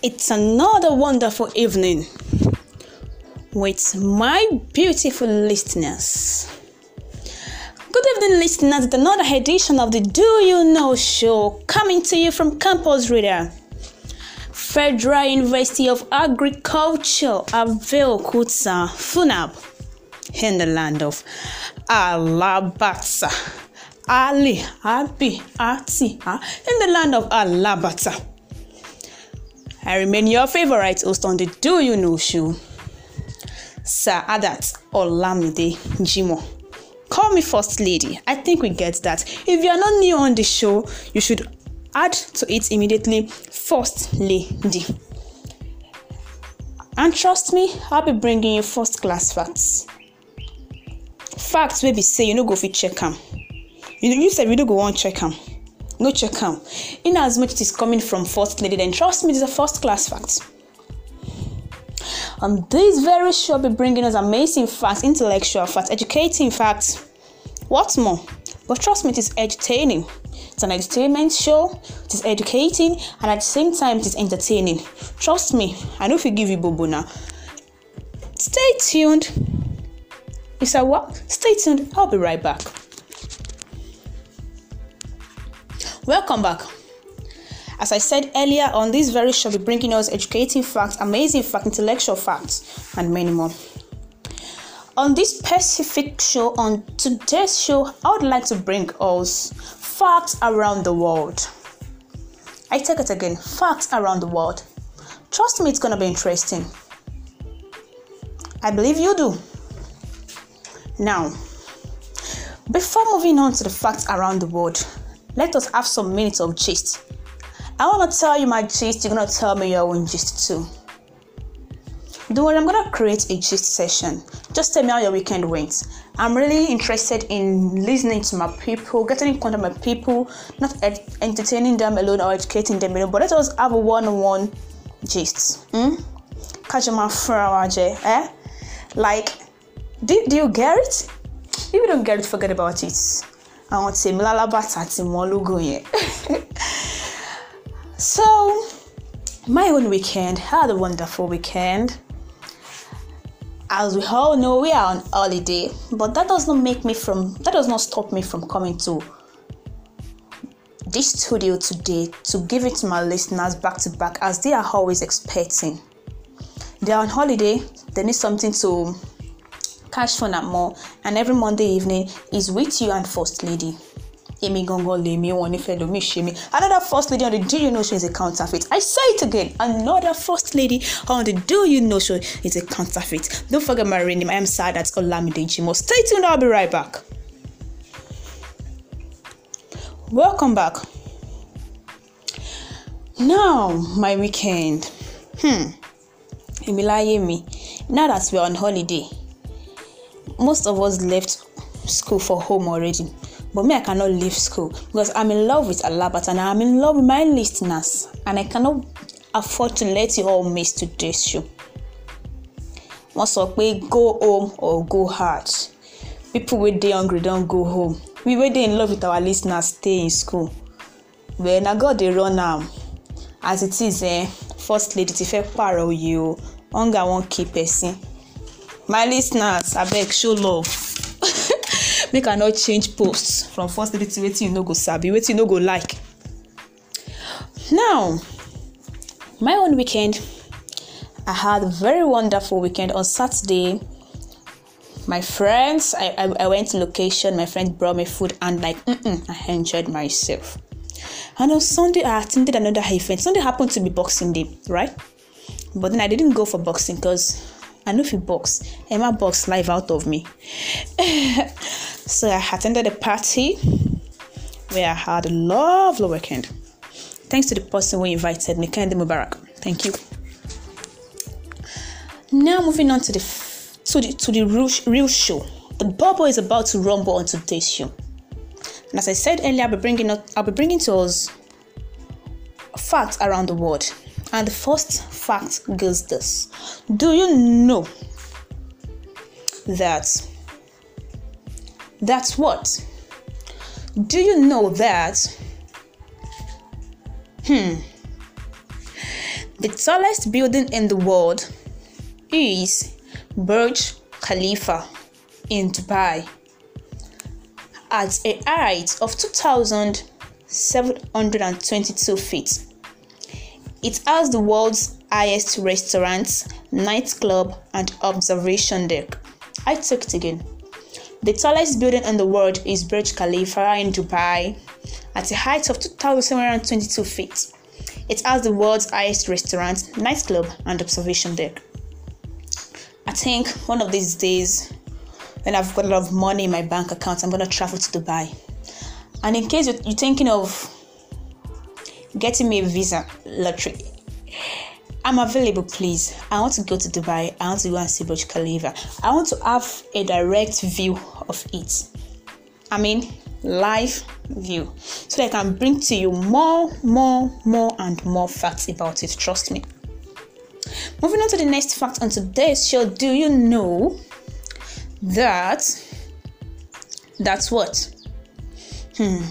It's another wonderful evening with my beautiful listeners. Good evening, listeners. It's another edition of the Do You Know Show coming to you from Campus Reader, Federal University of Agriculture, Aveo Kutsa, Funab, in the land of Alabata. Ali, Abi, Ati, ah, in the land of Alabata. I remain your favorite host on the Do You Know show, Sir Adat Olamide Jimo. Call me First Lady. I think we get that. If you are not new on the show, you should add to it immediately First Lady. And trust me, I'll be bringing you first class facts. Facts wey say you no go fit check am. You, you sef you no go on check am. no check as much it is coming from first lady then trust me it is a first class fact and this very show be bringing us amazing facts intellectual facts educating facts What's more but trust me it is entertaining it's an entertainment show it is educating and at the same time it is entertaining trust me i know if you give you bobo now stay tuned it's a what stay tuned i'll be right back Welcome back. As I said earlier, on this very show, we we're bringing us educating facts, amazing facts, intellectual facts, and many more. On this specific show, on today's show, I would like to bring us facts around the world. I take it again facts around the world. Trust me, it's gonna be interesting. I believe you do. Now, before moving on to the facts around the world, let us have some minutes of gist. I want to tell you my gist, you're going to tell me your own gist too. Don't worry, I'm going to create a gist session. Just tell me how your weekend went. I'm really interested in listening to my people, getting in contact with my people, not ed- entertaining them alone or educating them alone, but let us have a one on one gist. Hmm? Catch my eh? Like, do, do you get it? If you don't get it, forget about it àwọn tèmi lálábàtà ti mọ lógo yẹn so my own weekend had a wonderful weekend as we all know we are on holiday but that does not make me from that does not stop me from coming to this studio today to give it to my listeners back to back as they are always expecting they are on holiday they need something to Cash for and more. And every Monday evening is with you and First Lady. Emi Gongo Lemi Wonifelomi Shemi. Another first lady on the Do You Know Show is a counterfeit. I say it again. Another first lady on the Do You Know Show is a counterfeit. Don't forget my real name. I am sad that's called Olamide Jimo. Stay tuned. I'll be right back. Welcome back. Now, my weekend. Hmm. Emilayemi. Now that we're on holiday, most of us left school for home already but me i cannot leave school because i'm in love with alabat and i'm in love with my listeners and i cannot afford to let you all miss today's show wọ́n sọ pé go home or go hard people wey dey hungry don go home we wey dey in love with our listeners stay in school well na god dey run am as it is eh, first lady ti fẹ́ pààrọ̀ oyè o hunger wan kill person my listeners I beg show love make i no change post from first lady to wetin you no go sabi wetin you no go like now my own weekend i had a very wonderful weekend on saturday my friends I, I, I went to location my friend brought me food and like mm-mm, i enjoyed myself and on sunday i attended another event sunday happened to be boxing day right but then i didn't go for boxing because I know if you box, Emma box life out of me. so I attended a party where I had a lovely weekend. Thanks to the person who invited me, Kende Mubarak. Thank you. Now moving on to the to the to the real, real show. The bubble is about to rumble on today's show. And as I said earlier, I'll be bringing up, I'll be bringing to us facts around the world and the first fact goes this Do you know that? That's what? Do you know that? Hmm. The tallest building in the world is Burj Khalifa in Dubai at a height of 2,722 feet. It has the world's highest restaurants, nightclub, and observation deck. I checked again. The tallest building in the world is Burj Khalifa in Dubai, at a height of 2,722 feet. It has the world's highest restaurant, nightclub, and observation deck. I think one of these days, when I've got a lot of money in my bank account, I'm gonna travel to Dubai. And in case you're thinking of getting me a visa lottery. I'm available, please. I want to go to Dubai. I want to go and see Burj Khalifa. I want to have a direct view of it. I mean, live view. So that I can bring to you more, more, more, and more facts about it. Trust me. Moving on to the next fact on today's show, do you know that that's what? Hmm.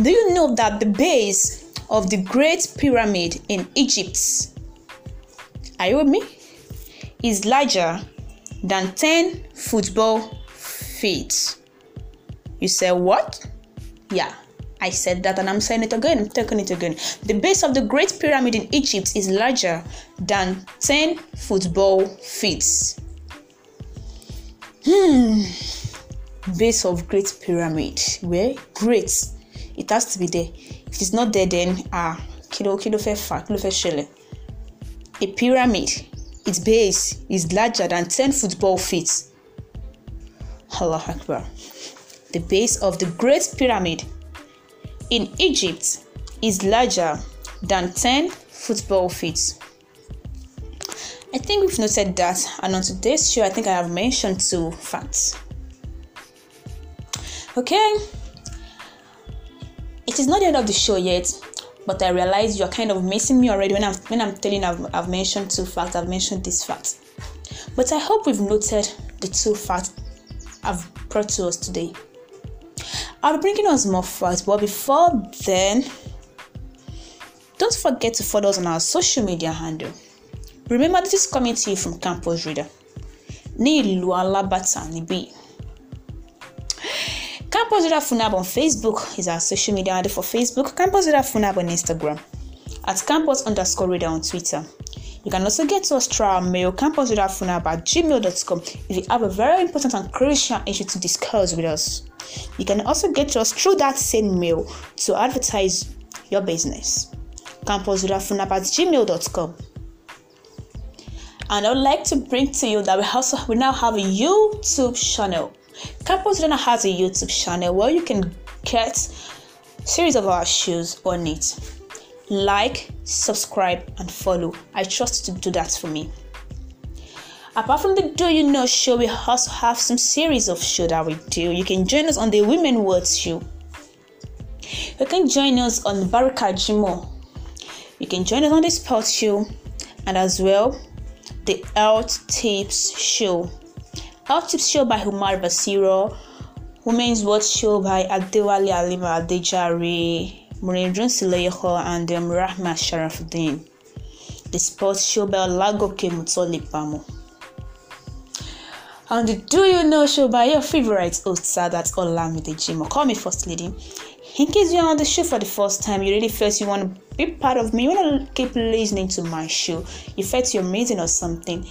Do you know that the base of the Great Pyramid in Egypt. Are you with me? Is larger than 10 football feet. You say what? Yeah, I said that and I'm saying it again. I'm taking it again. The base of the Great Pyramid in Egypt is larger than 10 football feet. Hmm. Base of Great Pyramid. Where? Great. It has to be there. If it's not there, then ah, kilo, kilo, fẹ́ fà fẹ́ A pyramid, its base is larger than ten football feet. Allah Akbar. The base of the Great Pyramid in Egypt is larger than 10 football feet. I think we've noted that, and on today's show, I think I have mentioned two facts. Okay it is not the end of the show yet, but I realize you are kind of missing me already when I'm when I'm telling I've, I've mentioned two facts, I've mentioned this fact. But I hope we've noted the two facts I've brought to us today. I'll be bringing us more facts, but before then, don't forget to follow us on our social media handle. Remember, this is coming to you from Campus Reader. Ní ìlú alábàtà Campus Radar Funab on Facebook is our social media handle for Facebook, Campus Radar Funab on Instagram, at campus underscore radar on Twitter. You can also get to us through our mail, Funab at gmail.com, if you have a very important and crucial issue to discuss with us. You can also get to us through that same mail to advertise your business, Funab at gmail.com. And I would like to bring to you that we also we now have a YouTube channel Campus Runner has a YouTube channel where you can get series of our shows on it. Like, subscribe, and follow. I trust you to do that for me. Apart from the Do You Know show, we also have some series of show that we do. You can join us on the Women Words show. You can join us on Baraka Jimo. You can join us on the Sports show and as well the Health Tips show. Health Tips Show by Humar Basiro, Women's Watch Show by Adewale Alima Adejari, Murendran Sileyeho, and um, Rahma Sharafuddin. The Sports Show by Olagoke Pamo. And the Do You Know Show by your favorite host, sir, that's Olamide Jimo. Call me First Lady. In case you're on the show for the first time, you really felt you want to be part of me, you want to keep listening to my show, you felt you're amazing or something,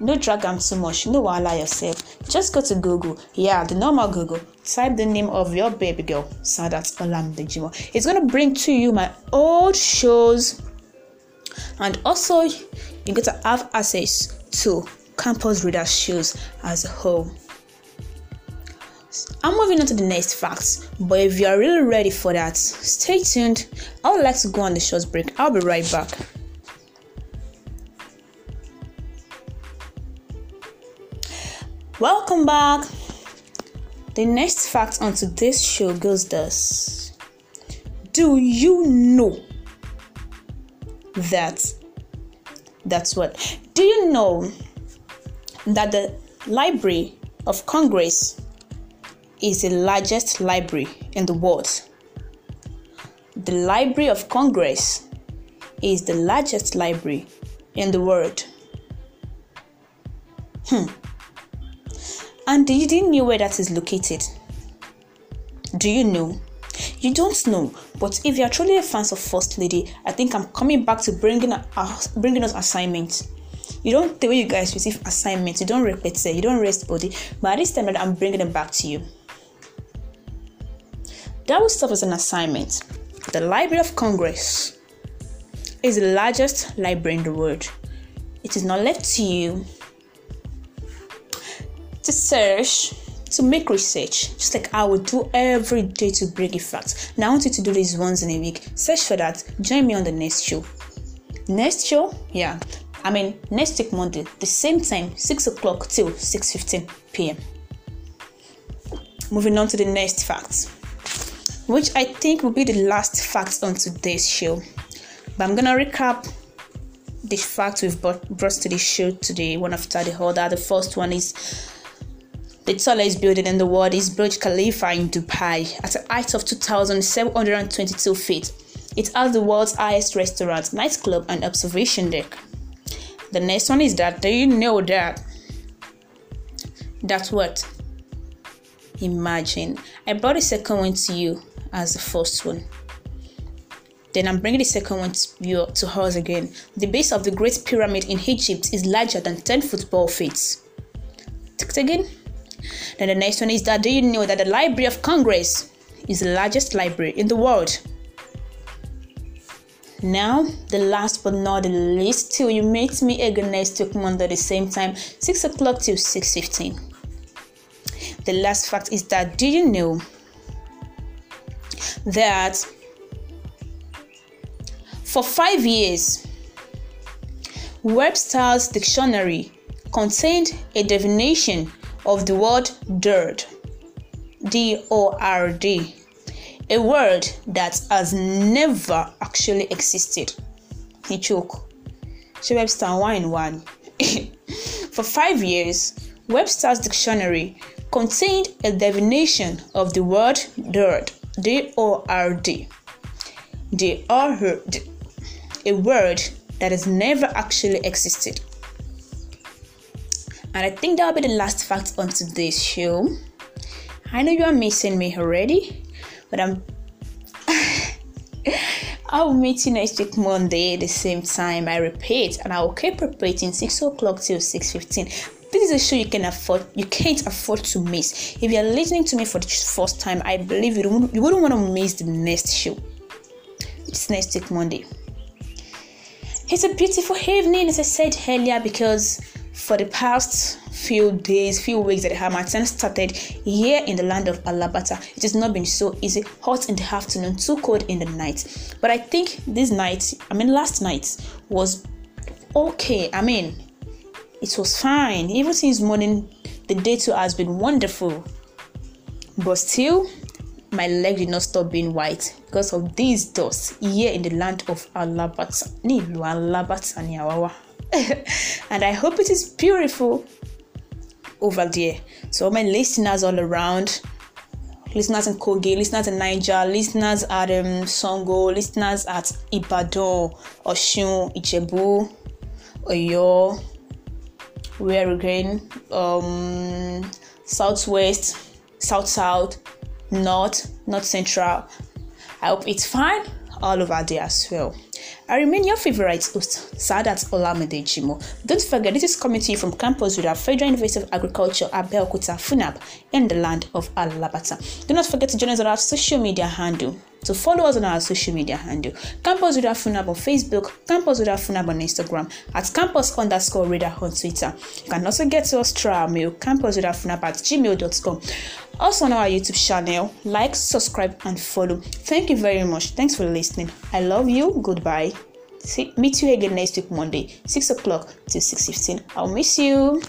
no drag am too much, no wahala yourself. Just go to Google, yeah, the normal Google. Type the name of your baby girl, Sadat Olamdejimo. It's gonna bring to you my old shows, and also you're going to have access to Campus Reader shows as a whole. I'm moving on to the next facts, but if you are really ready for that, stay tuned. I would like to go on the short break. I'll be right back. Welcome back. The next fact on today's show goes thus Do you know that? That's what. Do you know that the Library of Congress is the largest library in the world? The Library of Congress is the largest library in the world. Hmm. And you didn't know where that is located. Do you know? You don't know, but if you are truly a fan of First Lady, I think I'm coming back to bringing us bringing us assignments. You don't the way you guys receive assignments, you don't repeat it, you don't rest body. But this time, I'm bringing them back to you. That will serve as an assignment. The Library of Congress is the largest library in the world. It is not left to you to search to make research, just like I would do every day to break a fact. Now I want you to do this once in a week. Search for that. Join me on the next show. Next show, yeah. I mean next week Monday, the same time, six o'clock till six fifteen p.m. Moving on to the next fact, which I think will be the last fact on today's show. But I'm gonna recap the fact we've brought to the show today, one after the other. The first one is the tallest building in the world is Burj Khalifa in Dubai at a height of 2,722 feet. It has the world's highest restaurant, nightclub, and observation deck. The next one is that do you know that? That's what? Imagine. I brought the second one to you as the first one. Then I'm bringing the second one to, you, to us again. The base of the Great Pyramid in Egypt is larger than 10 football fields. Ticked again? Then the next one is that do you know that the Library of Congress is the largest library in the world? Now, the last but not the least, till you meet me again next week Monday the same time, 6 o'clock till 6.15. The last fact is that do you know that for five years, Webster's dictionary contained a definition of the word dirt. D O R D. A word that has never actually existed. He choked. She Webster one one. For five years, Webster's dictionary contained a definition of the word dirt. D O R D. D O R D. A word that has never actually existed. And I think that'll be the last fact on today's show. I know you are missing me already, but I'm. I'll meet you next week Monday the same time. I repeat, and I will keep repeating six o'clock till six fifteen. This is a show you can afford. You can't afford to miss. If you are listening to me for the first time, I believe you don't, you wouldn't want to miss the next show. It's next week Monday. It's a beautiful evening, as I said earlier, because for the past few days, few weeks that my tent started here in the land of Alabata, it has not been so easy. Hot in the afternoon, too cold in the night. But I think this night, I mean last night, was okay. I mean, it was fine. Even since morning, the day too has been wonderful. But still, my leg did not stop being white because of these dust here in the land of Alabata. Ni Alabata ni and I hope it is beautiful over there. So, all my listeners all around, listeners in Kogi, listeners in Niger, listeners at um, Songo, listeners at Ibadan, Oshun, Ijebu, Oyo, where again, um, Southwest, South South, North, North Central. I hope it's fine all over there as well. I remain your favorite host, Sadat Olamide Jimo. Don't forget, this is coming to you from campus with our Federal University of Agriculture, Kuta Funab, in the land of Alabata. Do not forget to join us on our social media handle. So follow us on our social media handle, Campus Radar Funab on Facebook, Campus Radar Funab on Instagram, at campus underscore radar on Twitter. You can also get to us through our mail, Campus Funab at gmail.com also on our YouTube channel. Like, subscribe, and follow. Thank you very much. Thanks for listening. I love you. Goodbye. See, meet you again next week Monday, 6 o'clock till 6.15. I'll miss you.